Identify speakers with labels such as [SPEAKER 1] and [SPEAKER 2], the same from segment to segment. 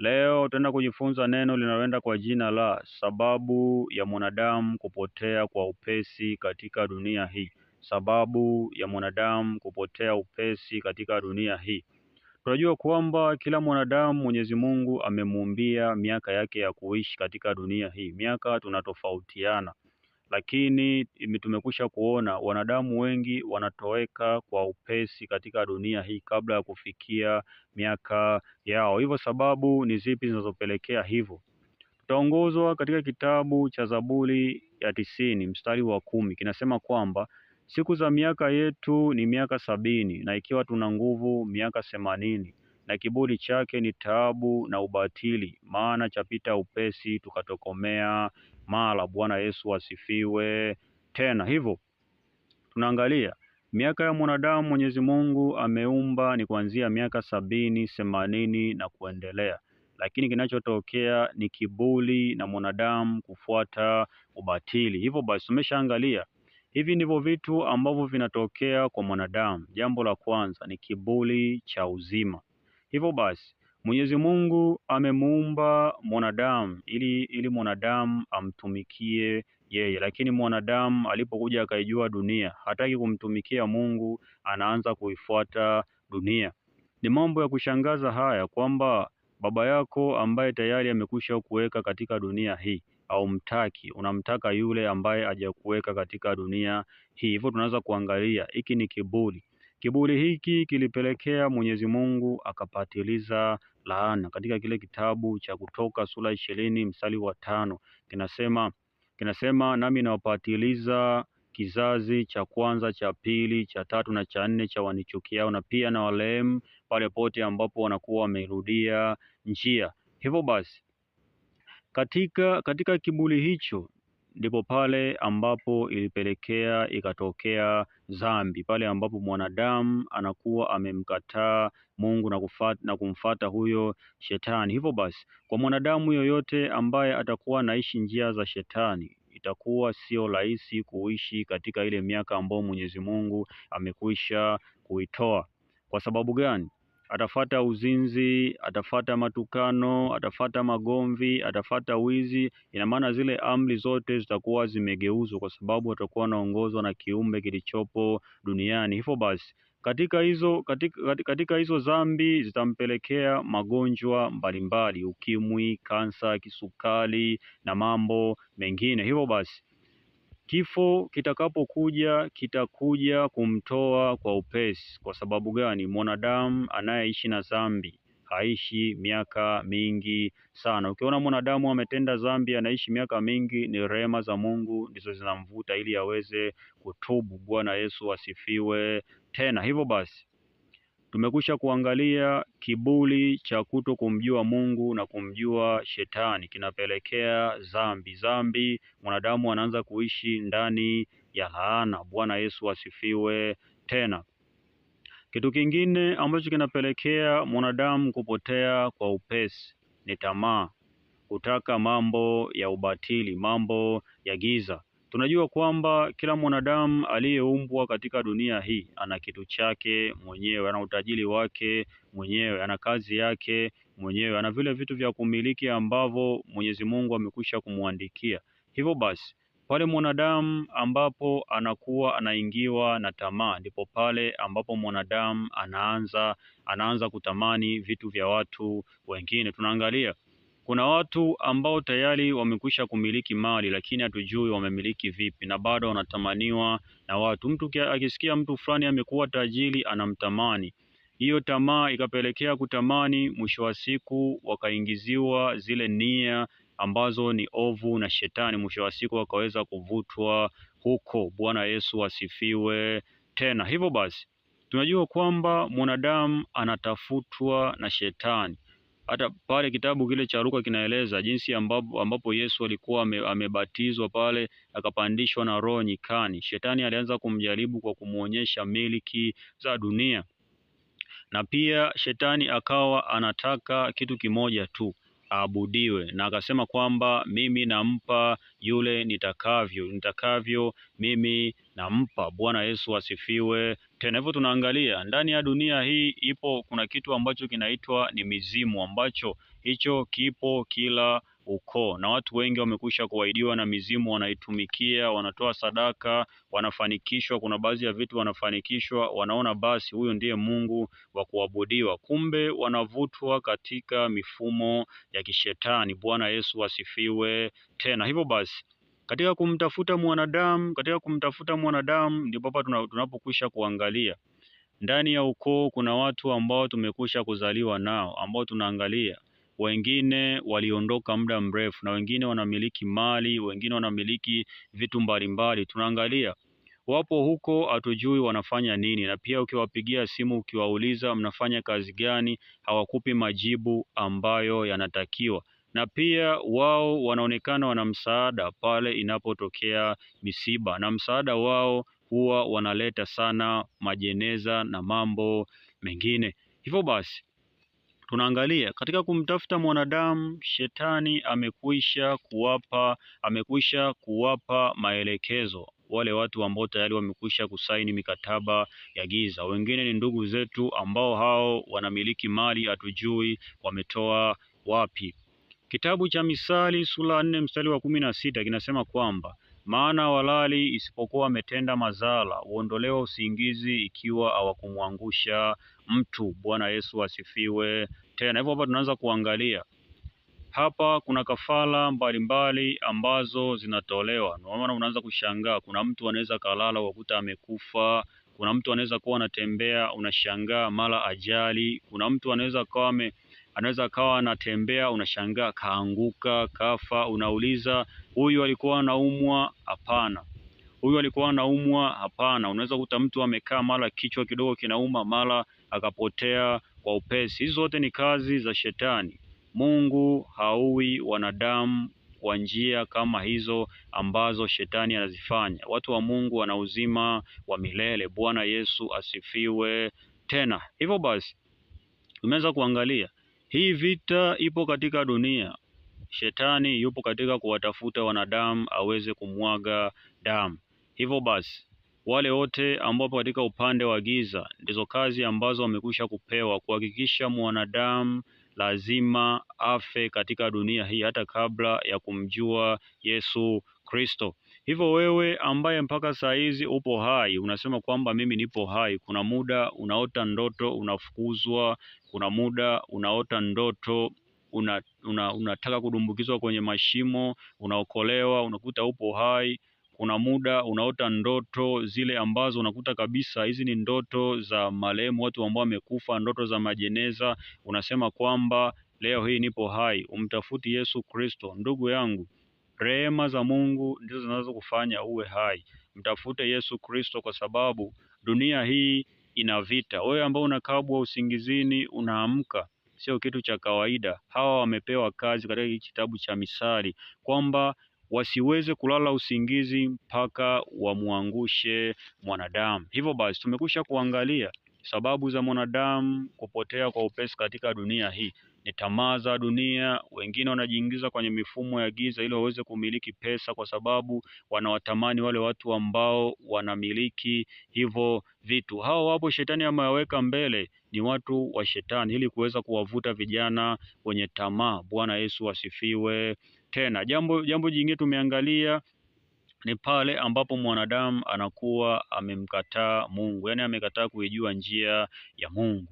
[SPEAKER 1] Leo tutaenda kujifunza neno linaloenda kwa jina la sababu ya mwanadamu kupotea kwa upesi katika dunia hii. Sababu ya mwanadamu kupotea upesi katika dunia hii. Tunajua kwamba kila mwanadamu Mwenyezi Mungu amemuumbia miaka yake ya kuishi katika dunia hii. Miaka tunatofautiana lakini tumekwisha kuona wanadamu wengi wanatoweka kwa upesi katika dunia hii kabla ya kufikia miaka yao. Hivyo sababu ni zipi zinazopelekea hivyo? Tutaongozwa katika kitabu cha Zaburi ya tisini mstari wa kumi kinasema kwamba siku za miaka yetu ni miaka sabini na ikiwa tuna nguvu miaka themanini na kiburi chake ni taabu na ubatili, maana chapita upesi tukatokomea mara. Bwana Yesu asifiwe. Tena hivyo tunaangalia miaka ya mwanadamu, Mwenyezi Mungu ameumba ni kuanzia miaka sabini themanini na kuendelea, lakini kinachotokea ni kiburi na mwanadamu kufuata ubatili. Hivyo basi tumeshaangalia hivi ndivyo vitu ambavyo vinatokea kwa mwanadamu. Jambo la kwanza ni kiburi cha uzima. Hivyo basi Mwenyezi Mungu amemuumba mwanadamu ili, ili mwanadamu amtumikie yeye, lakini mwanadamu alipokuja akaijua dunia, hataki kumtumikia Mungu, anaanza kuifuata dunia. Ni mambo ya kushangaza haya kwamba baba yako ambaye tayari amekwisha kuweka katika dunia hii haumtaki, unamtaka yule ambaye hajakuweka katika dunia hii. Hivyo tunaweza kuangalia hiki ni kiburi Kiburi hiki kilipelekea Mwenyezi Mungu akapatiliza laana. Katika kile kitabu cha Kutoka sura ishirini mstari wa tano kinasema kinasema, nami nawapatiliza kizazi cha kwanza cha pili cha tatu na cha nne cha wanichukiao, na pia na walehemu pale pote ambapo wanakuwa wamerudia njia. Hivyo basi katika, katika kiburi hicho ndipo pale ambapo ilipelekea ikatokea dhambi, pale ambapo mwanadamu anakuwa amemkataa Mungu na, kufata, na kumfata huyo shetani. Hivyo basi kwa mwanadamu yoyote ambaye atakuwa anaishi njia za shetani itakuwa sio rahisi kuishi katika ile miaka ambayo Mwenyezi Mungu amekwisha kuitoa. Kwa sababu gani? atafata uzinzi, atafata matukano, atafata magomvi, atafata wizi. Ina maana zile amri zote zitakuwa zimegeuzwa, kwa sababu atakuwa anaongozwa na kiumbe kilichopo duniani. Hivyo basi katika hizo katika, katika hizo dhambi zitampelekea magonjwa mbalimbali, ukimwi, kansa, kisukari na mambo mengine. Hivyo basi Kifo kitakapokuja kitakuja kumtoa kwa upesi. Kwa sababu gani? Mwanadamu anayeishi na dhambi haishi miaka mingi sana. Ukiona mwanadamu ametenda dhambi anaishi miaka mingi, ni rehema za Mungu ndizo zinamvuta ili aweze kutubu. Bwana Yesu asifiwe tena. Hivyo basi Tumekwisha kuangalia kiburi cha kuto kumjua Mungu na kumjua shetani kinapelekea dhambi. Dhambi, mwanadamu anaanza kuishi ndani ya laana. Bwana Yesu asifiwe. Tena kitu kingine ambacho kinapelekea mwanadamu kupotea kwa upesi ni tamaa, kutaka mambo ya ubatili, mambo ya giza. Tunajua kwamba kila mwanadamu aliyeumbwa katika dunia hii ana kitu chake mwenyewe, ana utajiri wake mwenyewe, ana kazi yake mwenyewe, ana vile vitu vya kumiliki ambavyo Mwenyezi Mungu amekwisha kumwandikia. Hivyo basi pale mwanadamu ambapo anakuwa anaingiwa na tamaa, ndipo pale ambapo mwanadamu anaanza anaanza kutamani vitu vya watu wengine. Tunaangalia kuna watu ambao tayari wamekwisha kumiliki mali lakini hatujui wamemiliki vipi, na bado wanatamaniwa na watu. Mtu akisikia mtu fulani amekuwa tajiri, anamtamani, hiyo tamaa ikapelekea kutamani, mwisho wa siku wakaingiziwa zile nia ambazo ni ovu na shetani, mwisho wa siku wakaweza kuvutwa huko. Bwana Yesu asifiwe tena. Hivyo basi tunajua kwamba mwanadamu anatafutwa na shetani hata pale kitabu kile cha Luka kinaeleza jinsi ambapo, ambapo Yesu alikuwa amebatizwa pale akapandishwa na Roho nyikani. Shetani alianza kumjaribu kwa kumwonyesha miliki za dunia, na pia shetani akawa anataka kitu kimoja tu aabudiwe na akasema kwamba mimi nampa yule nitakavyo nitakavyo mimi nampa. Bwana Yesu asifiwe. Tena hivyo tunaangalia ndani ya dunia hii ipo, kuna kitu ambacho kinaitwa ni mizimu, ambacho hicho kipo kila ukoo na watu wengi wamekwisha kuahidiwa na mizimu, wanaitumikia, wanatoa sadaka, wanafanikishwa. Kuna baadhi ya vitu wanafanikishwa, wanaona basi huyo ndiye Mungu wa kuabudiwa, kumbe wanavutwa katika mifumo ya kishetani. Bwana Yesu asifiwe. Tena hivyo basi katika kumtafuta mwanadamu, katika kumtafuta mwanadamu ndipo hapa tunapokwisha kuangalia ndani ya ukoo kuna watu ambao tumekwisha kuzaliwa nao, ambao tunaangalia wengine waliondoka muda mrefu, na wengine wanamiliki mali, wengine wanamiliki vitu mbalimbali. Tunaangalia wapo huko, hatujui wanafanya nini, na pia ukiwapigia simu ukiwauliza mnafanya kazi gani, hawakupi majibu ambayo yanatakiwa na pia wao wanaonekana wana msaada pale inapotokea misiba, na msaada wao huwa wanaleta sana majeneza na mambo mengine. Hivyo basi tunaangalia katika kumtafuta mwanadamu, shetani amekwisha kuwapa amekwisha kuwapa maelekezo wale watu ambao tayari wamekwisha kusaini mikataba ya giza. Wengine ni ndugu zetu ambao hao wanamiliki mali hatujui wametoa wapi, Kitabu cha Misali sura nne mstari wa kumi na sita kinasema kwamba maana walali isipokuwa ametenda mazala uondolewa usingizi ikiwa hawakumwangusha mtu. Bwana Yesu asifiwe. Tena hivyo hapa tunaanza kuangalia hapa kuna kafara mbalimbali ambazo zinatolewa. Ndio maana unaanza kushangaa, kuna mtu anaweza kalala ukakuta amekufa. Kuna mtu anaweza kuwa anatembea unashangaa mara ajali. Kuna mtu anaweza kawa ame anaweza akawa anatembea, unashangaa kaanguka, kafa, unauliza huyu alikuwa anaumwa? Hapana. Huyu alikuwa anaumwa? Hapana. Unaweza kuta mtu amekaa, mara kichwa kidogo kinauma, mara akapotea kwa upesi. Hizi zote ni kazi za shetani. Mungu haui wanadamu kwa njia kama hizo ambazo shetani anazifanya. Watu wa Mungu wana uzima wa milele. Bwana Yesu asifiwe. Tena hivyo basi, tumeweza kuangalia hii vita ipo katika dunia. Shetani yupo katika kuwatafuta wanadamu aweze kumwaga damu. Hivyo basi, wale wote ambao katika upande wa giza ndizo kazi ambazo wamekwisha kupewa kuhakikisha mwanadamu lazima afe katika dunia hii hata kabla ya kumjua Yesu Kristo. Hivyo wewe ambaye mpaka saa hizi upo hai, unasema kwamba mimi nipo hai. Kuna muda unaota ndoto unafukuzwa, kuna muda unaota ndoto una, una, unataka kudumbukizwa kwenye mashimo, unaokolewa, unakuta upo hai. Kuna muda unaota ndoto zile ambazo unakuta kabisa hizi ni ndoto za marehemu, watu ambao wamekufa, ndoto za majeneza. Unasema kwamba leo hii nipo hai, umtafuti Yesu Kristo. Ndugu yangu Rehema za Mungu ndizo zinazokufanya uwe hai. Mtafute Yesu Kristo kwa sababu dunia hii ina vita. Wewe ambao unakabwa usingizini, unaamka sio kitu cha kawaida. Hawa wamepewa kazi katika kitabu cha Misali kwamba wasiweze kulala usingizi mpaka wamwangushe mwanadamu. Hivyo basi tumekwisha kuangalia Sababu za mwanadamu kupotea kwa upesi katika dunia hii ni tamaa za dunia. Wengine wanajiingiza kwenye mifumo ya giza ili waweze kumiliki pesa, kwa sababu wanawatamani wale watu ambao wanamiliki hivyo vitu. Hao wapo shetani amewaweka mbele, ni watu wa shetani ili kuweza kuwavuta vijana wenye tamaa. Bwana Yesu asifiwe. Tena jambo jambo jingine tumeangalia ni pale ambapo mwanadamu anakuwa amemkataa Mungu, yaani amekataa kuijua njia ya Mungu.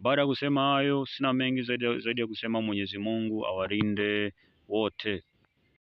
[SPEAKER 1] Baada ya kusema hayo, sina mengi zaidi, ya kusema Mwenyezi Mungu awalinde wote.